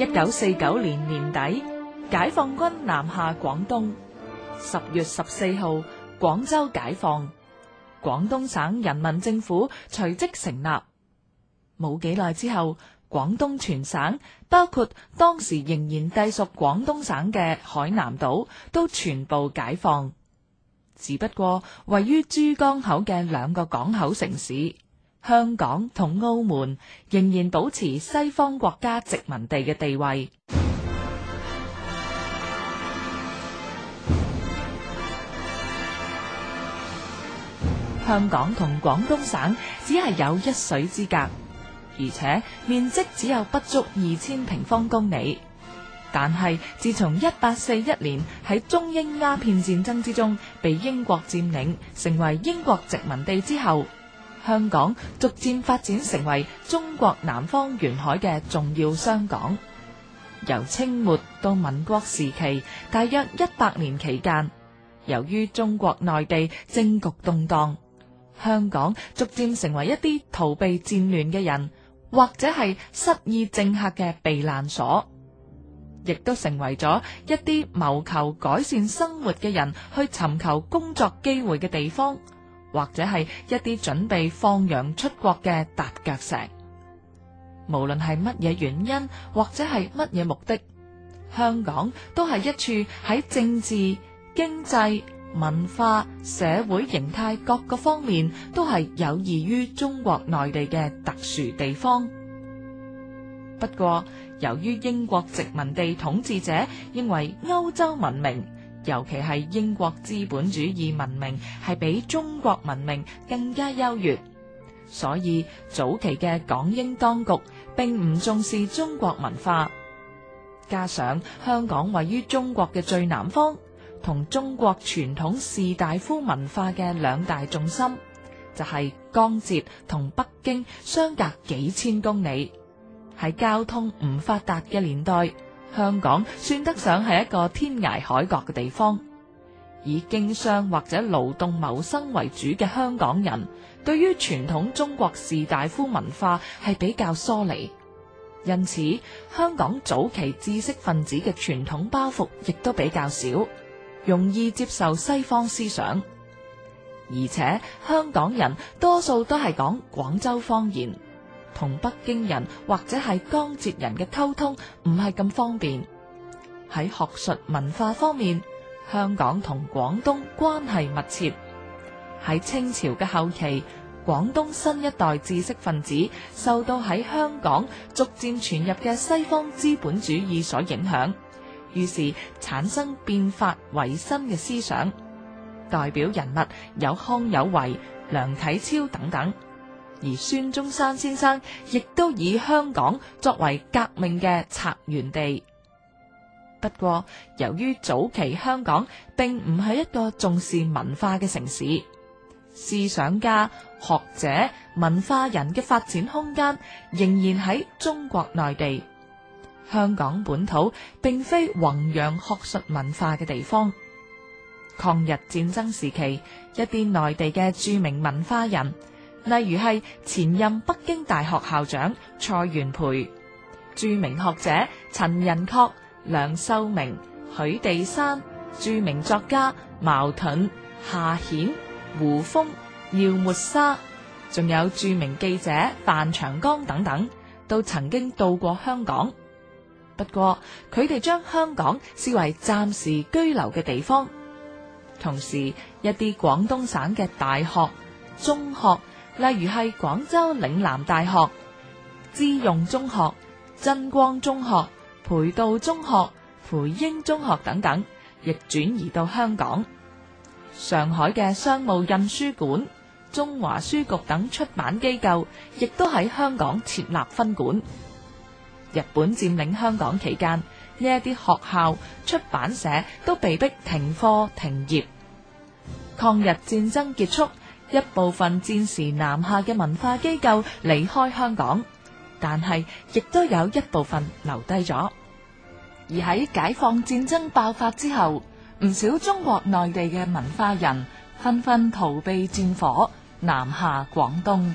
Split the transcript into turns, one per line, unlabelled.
一九四九年年底，解放軍南下廣東。十月十四號，廣州解放，廣東省人民政府隨即成立。冇幾耐之後，廣東全省包括當時仍然隸屬廣東省嘅海南島，都全部解放。只不過位於珠江口嘅兩個港口城市。香港同澳門仍然保持西方國家殖民地嘅地位。香港同廣東省只係有一水之隔，而且面積只有不足二千平方公里。但係自從一八四一年喺中英鴉片戰爭之中被英國佔領，成為英國殖民地之後。香港逐漸發展成為中國南方沿海嘅重要商港。由清末到民國時期，大約一百年期間，由於中國內地政局動盪，香港逐漸成為一啲逃避戰亂嘅人，或者係失意政客嘅避難所，亦都成為咗一啲謀求改善生活嘅人去尋求工作機會嘅地方。或者係一啲準備放洋出國嘅踏腳石，無論係乜嘢原因或者係乜嘢目的，香港都係一處喺政治、經濟、文化、社會形態各個方面都係有異於中國內地嘅特殊地方。不過，由於英國殖民地統治者認為歐洲文明，尤其係英國資本主義文明係比中國文明更加優越，所以早期嘅港英當局並唔重視中國文化。加上香港位於中國嘅最南方，同中國傳統士大夫文化嘅兩大重心，就係、是、江浙同北京，相隔幾千公里，喺交通唔發達嘅年代。香港算得上係一個天涯海角嘅地方，以經商或者勞動謀生為主嘅香港人，對於傳統中國士大夫文化係比較疏離，因此香港早期知識分子嘅傳統包袱亦都比較少，容易接受西方思想，而且香港人多數都係講廣州方言。同北京人或者係江浙人嘅溝通唔係咁方便。喺學術文化方面，香港同廣東關係密切。喺清朝嘅後期，廣東新一代知識分子受到喺香港逐漸傳入嘅西方資本主義所影響，於是產生變法維新嘅思想。代表人物有康有為、梁啟超等等。而孫中山先生亦都以香港作為革命嘅策源地。不過，由於早期香港並唔係一個重視文化嘅城市，思想家、學者、文化人嘅發展空間仍然喺中國內地。香港本土並非弘揚學術文化嘅地方。抗日戰爭時期，一啲內地嘅著名文化人。例如係前任北京大學校長蔡元培、著名學者陳寅恪、梁漱溟、許地山、著名作家茅盾、夏衍、胡風、廖沫沙，仲有著名記者范長江等等，都曾經到過香港。不過佢哋將香港視為暫時居留嘅地方，同時一啲廣東省嘅大學、中學。例如係廣州嶺南大學、知用中學、真光中學、培道中學、培英中學等等，亦轉移到香港。上海嘅商務印書館、中華書局等出版機構，亦都喺香港設立分館。日本佔領香港期間，呢一啲學校、出版社都被逼停課停業。抗日戰爭結束。一部分戰時南下嘅文化機構離開香港，但係亦都有一部分留低咗。而喺解放戰爭爆發之後，唔少中國內地嘅文化人紛紛逃避戰火，南下廣東。